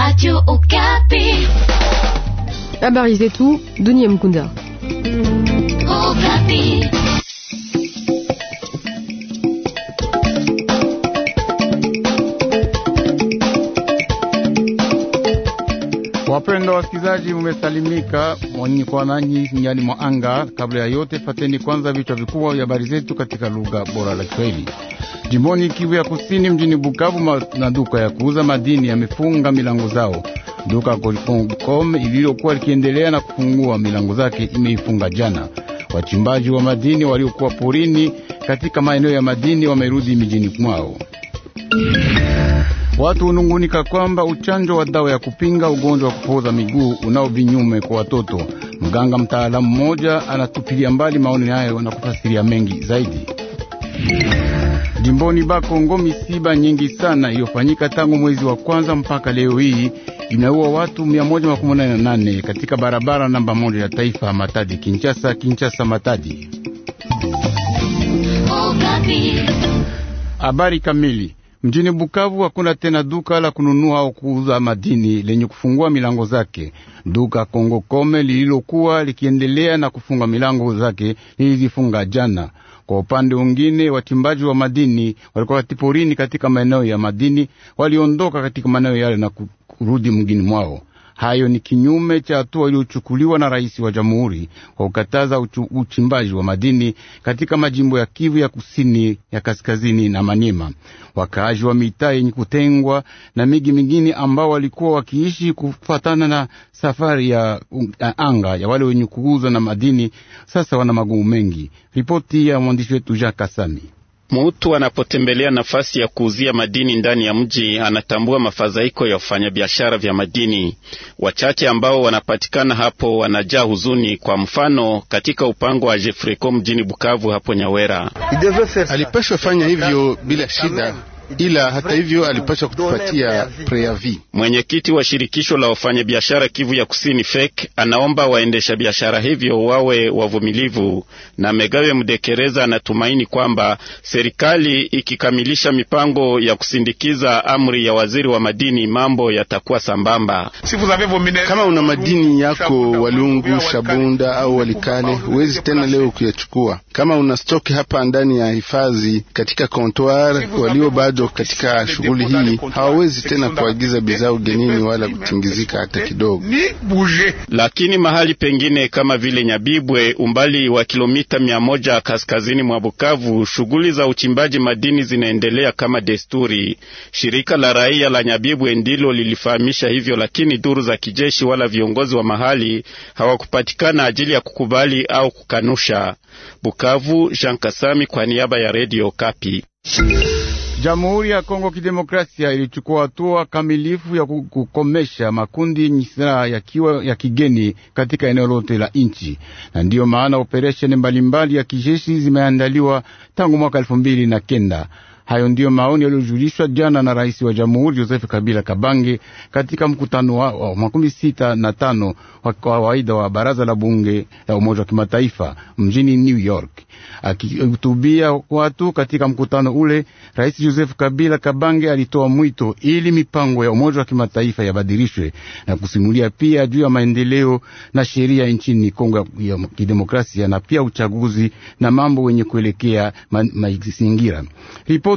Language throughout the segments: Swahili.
Radio Okapi. Habari zetu Dunia Mkunda. Okapi. Wapenda wasikilizaji, mumesalimika mwanini kwa nanyi nyani mwa anga. Kabla ya yote, fateni kwanza vichwa vikubwa vya habari zetu katika lugha bora la Kiswahili. Jimoni Kivu ya Kusini, mjini Bukavu, maduka ya kuuza madini yamefunga milango zao. Duka Colcom ililokuwa likiendelea na kufungua milango zake imeifunga jana. Wachimbaji wa madini waliokuwa porini katika maeneo ya madini wamerudi mijini mwao. Watu hunungunika kwamba uchanjo wa dawa ya kupinga ugonjwa wa kupooza miguu unao vinyume kwa watoto. Mganga mtaalamu mmoja anatupilia mbali maoni hayo na kufasiria mengi zaidi. Jimboni Bakongo, misiba nyingi sana iliyofanyika tangu mwezi wa kwanza mpaka leo hii inaua watu 118 katika barabara namba moja ya taifa Matadi Kinshasa, Kinshasa Matadi. Habari kamili Mjini Bukavu hakuna tena duka la kununua au kuuza madini lenye kufungua milango zake. Duka Kongo Kome lililokuwa likiendelea na kufunga milango zake lilizifunga jana. Kwa upande mwingine, wachimbaji wa madini walikuwa katiporini katika maeneo ya madini waliondoka katika maeneo yale na kurudi mgini mwao. Hayo ni kinyume cha hatua iliyochukuliwa na rais wa jamhuri kwa kukataza uchimbaji wa madini katika majimbo ya Kivu ya kusini, ya kaskazini na manyema Wakaaji wa mitaa yenye kutengwa na miji mingine ambao walikuwa wakiishi kufatana na safari um, ya anga ya wale wenye kuuza na madini sasa wana magumu mengi. Ripoti ya mwandishi wetu Jean Kasami. Mtu anapotembelea nafasi ya kuuzia madini ndani ya mji anatambua mafadhaiko ya wafanyabiashara vya madini. Wachache ambao wanapatikana hapo wanajaa huzuni. Kwa mfano, katika upango wa Jefreco mjini Bukavu hapo Nyawera, alipashwa fanya hivyo bila shida, ila hata hivyo alipaswa kutupatia preavi. Mwenyekiti wa shirikisho la wafanyabiashara Kivu ya Kusini FEK anaomba waendesha biashara hivyo wawe wavumilivu. Na Megawe Mdekereza anatumaini kwamba serikali ikikamilisha mipango ya kusindikiza amri ya waziri wa madini mambo yatakuwa sambamba. Kama una madini yako Walungu, Shabunda au Walikale, huwezi tena leo kuyachukua. Kama una stoki hapa ndani ya hifadhi katika kontoar walio bado bado katika shughuli hii, hawawezi tena kuagiza bidhaa ugenini wala kutingizika hata kidogo. Lakini mahali pengine kama vile Nyabibwe, umbali wa kilomita mia moja kaskazini mwa Bukavu, shughuli za uchimbaji madini zinaendelea kama desturi. Shirika la raia la Nyabibwe ndilo lilifahamisha hivyo, lakini duru za kijeshi wala viongozi wa mahali hawakupatikana ajili ya kukubali au kukanusha. Bukavu, Jean Kasami kwa niaba ya Radio Kapi. Jamhuri ya Kongo Kidemokrasia ilichukua hatua kamilifu ya kukomesha makundi yenye silaha yakiwa ya kigeni katika eneo lote la nchi, na ndiyo maana operesheni mbalimbali ya kijeshi zimeandaliwa tangu mwaka elfu mbili na kenda. Hayo ndiyo maoni yaliyojulishwa jana na rais wa jamhuri Joseph Kabila Kabange katika mkutano wa, wa makumi sita na tano wa kawaida wa baraza la bunge la Umoja wa Kimataifa mjini New York. Akihutubia watu katika mkutano ule, rais Joseph Kabila Kabange alitoa mwito ili mipango ya Umoja wa Kimataifa yabadilishwe na kusimulia pia juu ya maendeleo na sheria nchini Kongo ya Kidemokrasia na pia uchaguzi na mambo wenye kuelekea mazingira ma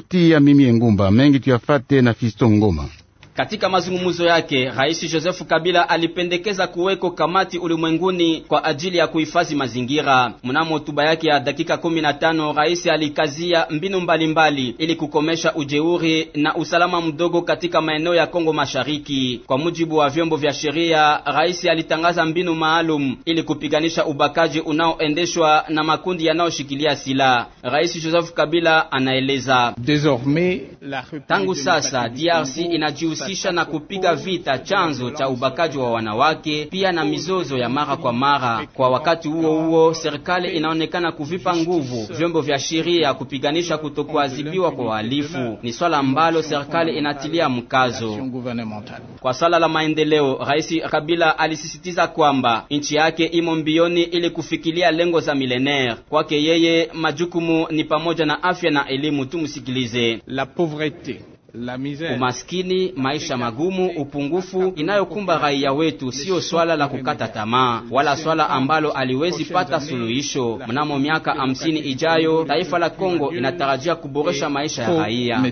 sauti ya mimi Engumba. Mengi tuyafate na Fisto Ngoma. Katika mazungumzo yake, Rais Joseph Kabila alipendekeza kuweko kamati ulimwenguni kwa ajili ya kuhifadhi mazingira. Mnamo hotuba yake ya dakika 15, rais alikazia mbinu mbalimbali mbali ili kukomesha ujeuri na usalama mdogo katika maeneo ya Kongo Mashariki. Kwa mujibu wa vyombo vya sheria, rais alitangaza mbinu maalum ili kupiganisha ubakaji unaoendeshwa na makundi yanayoshikilia silaha. Rais Joseph Kabila anaeleza, Désormais, la Tangu sasa DRC inajiusi kujihusisha na kupiga vita chanzo cha ubakaji wa wanawake, pia na mizozo ya mara kwa mara. Kwa wakati huo huo, serikali inaonekana kuvipa nguvu vyombo vya sheria kupiganisha kutokuadhibiwa kwa wahalifu. Ni swala ambalo serikali inatilia mkazo. Kwa swala la maendeleo, Rais Kabila alisisitiza kwamba nchi yake imo mbioni ili kufikilia lengo za milenaire. Kwake yeye, majukumu ni pamoja na afya na elimu. Tumsikilize. La pauvreté umaskini, maisha magumu, upungufu inayokumba raia wetu siyo swala la kukata tamaa wala swala ambalo aliwezi pata suluhisho. Mnamo miaka hamsini ijayo taifa la Kongo inatarajia kuboresha maisha ya raia.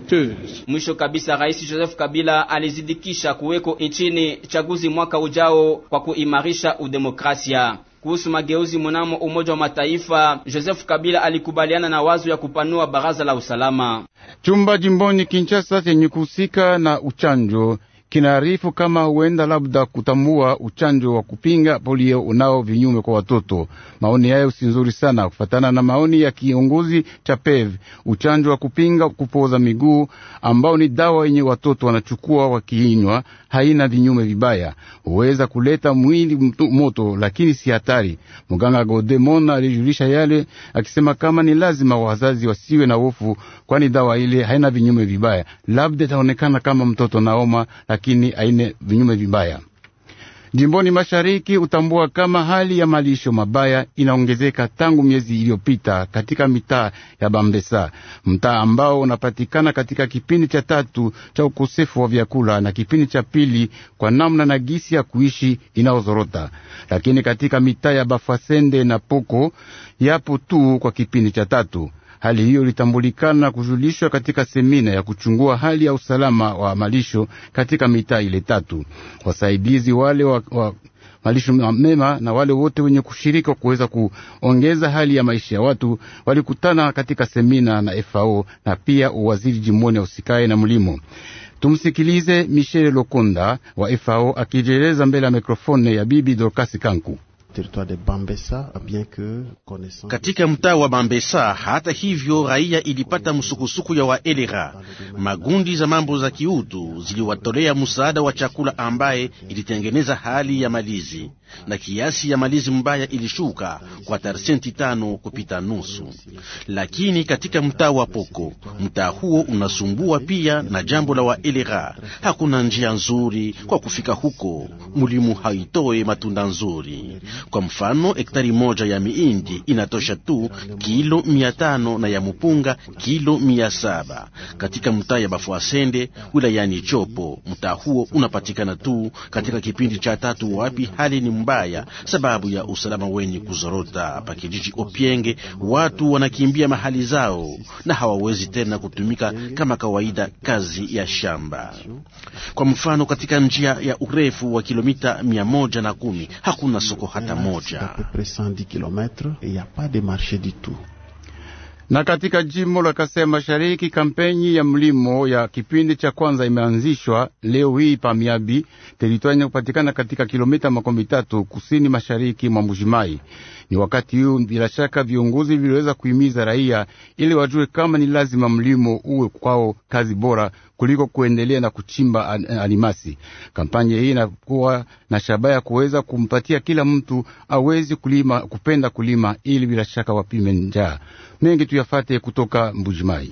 Mwisho kabisa, Rais Joseph Kabila alizidikisha kuweko nchini chaguzi mwaka ujao kwa kuimarisha udemokrasia kuhusu mageuzi mnamo Umoja wa Mataifa, Joseph Kabila alikubaliana na wazo ya kupanua baraza la usalama. Chumba jimboni Kinshasa chenye kuhusika na uchanjo kinaarifu kama huenda labda kutambua uchanjo wa kupinga polio unao vinyume kwa watoto. Maoni hayo si nzuri sana, kufatana na maoni ya kiongozi cha PEV. Uchanjo wa kupinga kupoza miguu ambao ni dawa yenye watoto wanachukua wakiinywa, haina vinyume vibaya, huweza kuleta mwili moto, lakini si hatari. Mganga Godemona alijulisha yale akisema kama ni lazima wazazi wasiwe na hofu, kwani dawa ile haina vinyume vibaya. Labda itaonekana kama mtoto naoma, lakini aine vinyume vibaya jimboni mashariki. Utambua kama hali ya malisho mabaya inaongezeka tangu miezi iliyopita katika mitaa ya Bambesa, mtaa ambao unapatikana katika kipindi cha tatu cha ukosefu wa vyakula na kipindi cha pili kwa namna na gisi ya kuishi inayozorota. Lakini katika mitaa ya Bafasende na Poko yapo tu kwa kipindi cha tatu Hali hiyo ilitambulikana kujulishwa katika semina ya kuchungua hali ya usalama wa malisho katika mitaa ile tatu. Wasaidizi wale wa, wa malisho mema na wale wote wenye kushiriki kuweza kuongeza hali ya maisha ya watu walikutana katika semina na FAO na pia uwaziri jimboni ya usikae na mlimo. Tumsikilize michele Lokonda wa FAO akijieleza mbele ya mikrofone ya bibi dorkasi Kanku katika mtaa wa Bambesa. Hata hivyo, raia ilipata msukusuku ya waelera. Magundi za mambo za kiutu ziliwatolea msaada wa chakula ambaye ilitengeneza hali ya malizi, na kiasi ya malizi mbaya ilishuka kwa tarsenti tano kupita nusu. Lakini katika mtaa wa Poko, mtaa huo unasumbua pia na jambo la waelera. Hakuna njia nzuri kwa kufika huko, mulimu haitoe matunda nzuri. Kwa mfano, hektari moja ya miindi inatosha tu kilo mia tano na ya mupunga kilo mia saba katika mtaa ya Bafuasende wilayani Chopo. Mtaa huo unapatikana tu katika kipindi cha tatu, wapi hali ni mbaya sababu ya usalama wenye kuzorota. Pa kijiji Opienge watu wanakimbia mahali zao na hawawezi tena kutumika kama kawaida kazi ya shamba. Kwa mfano, katika njia ya urefu wa kilomita mia moja na kumi hakuna soko hata kilomita moja na katika jimbo la Kasai Mashariki, kampeni ya mlimo ya kipindi cha kwanza imeanzishwa leo hii pamiabi teritoria yenye kupatikana katika kilomita makumi tatu kusini mashariki mwa Mbujimai. Ni wakati huu bila shaka viongozi viliweza kuhimiza raia ili wajue kama ni lazima mlimo uwe kwao kazi bora kuliko kuendelea na kuchimba alimasi. Kampanya hii inakuwa na shabaha ya kuweza kumpatia kila mtu awezi kulima, kupenda kulima, ili bila shaka wapime njaa. Mengi tuyafate kutoka Mbujimai.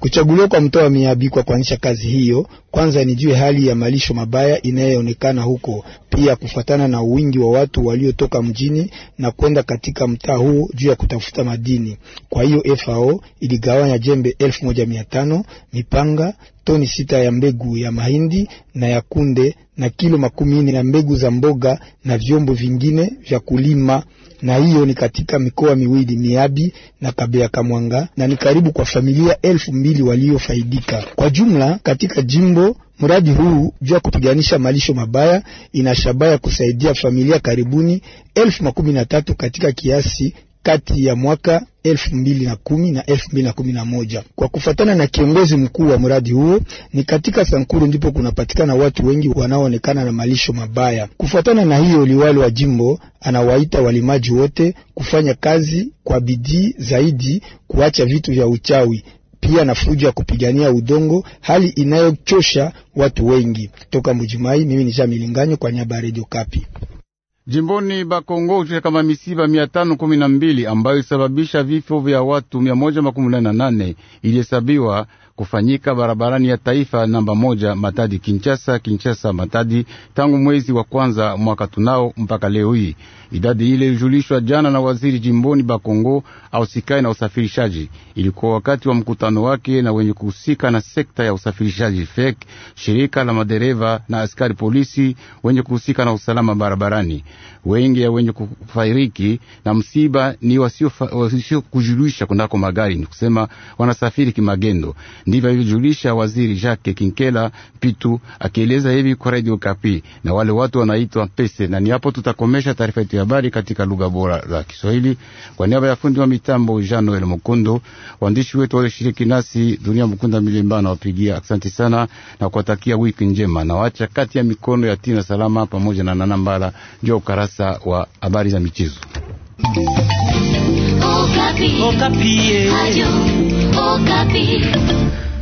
Kuchaguliwa kwa mtoa miabi kwa kuanzisha kazi hiyo, kwanza ni juu hali ya malisho mabaya inayoonekana huko, pia kufuatana na wingi wa watu waliotoka mjini na kwenda katika mtaa huo juu ya kutafuta madini. Kwa hiyo FAO iligawanya jembe elfu moja mia tano mipanga toni sita ya mbegu ya mahindi na ya kunde na kilo makumi nne ya mbegu za mboga na vyombo vingine vya kulima, na hiyo ni katika mikoa miwili Miabi na Kabea Kamwanga, na ni karibu kwa familia elfu mbili waliofaidika kwa jumla katika jimbo. Mradi huu juu ya kupiganisha malisho mabaya ina shabaha ya kusaidia familia karibuni elfu makumi na tatu katika kiasi kati ya mwaka elfu mbili na kumi na elfu mbili na kumi na moja. Kwa kufatana na kiongozi mkuu wa mradi huo, ni katika Sankuru ndipo kunapatikana watu wengi wanaoonekana na malisho mabaya. Kufuatana na hiyo, liwali wa jimbo anawaita walimaji wote kufanya kazi kwa bidii zaidi, kuacha vitu vya uchawi pia na fujo ya kupigania udongo, hali inayochosha watu wengi. Toka mbujimai mimi ni Jamilinganyo kwa nyaba ya Radio Kapi jimboni Bakongo katika misiba mia tano kumi na mbili ambayo isababisha vifo vya watu mia moja makumi nane na nane ilihesabiwa kufanyika barabarani ya taifa namba moja Matadi Kinchasa, Kinchasa Matadi tangu mwezi wa kwanza mwaka tunao mpaka leo hii. Idadi ile ilijulishwa jana na waziri jimboni Bakongo sikai na usafirishaji. Ilikuwa wakati wa mkutano wake na wenye kuhusika na sekta ya usafirishaji FEK, shirika la madereva na askari polisi wenye kuhusika na usalama barabarani. Wengi ya wenye kufariki na msiba ni wasio kujulisha kunako magari, ni kusema wanasafiri kimagendo ndivyo alivyojulisha waziri Jacques Kinkela Pitu akieleza hivi kwa Radio Kapi na wale watu wanaitwa Pese. Na ni hapo tutakomesha taarifa yetu ya habari katika lugha bora la Kiswahili. Kwa niaba ya fundi wa mitambo Jean Noel Mukundo, waandishi wetu walioshiriki nasi, Dunia Mukunda Milimba anawapigia asanti sana na kuwatakia wiki njema, na waacha kati ya mikono ya Tina Salama pamoja na Nana Mbala. ya ukarasa wa habari za michezo. Okapi. Okapi. Eh. Capi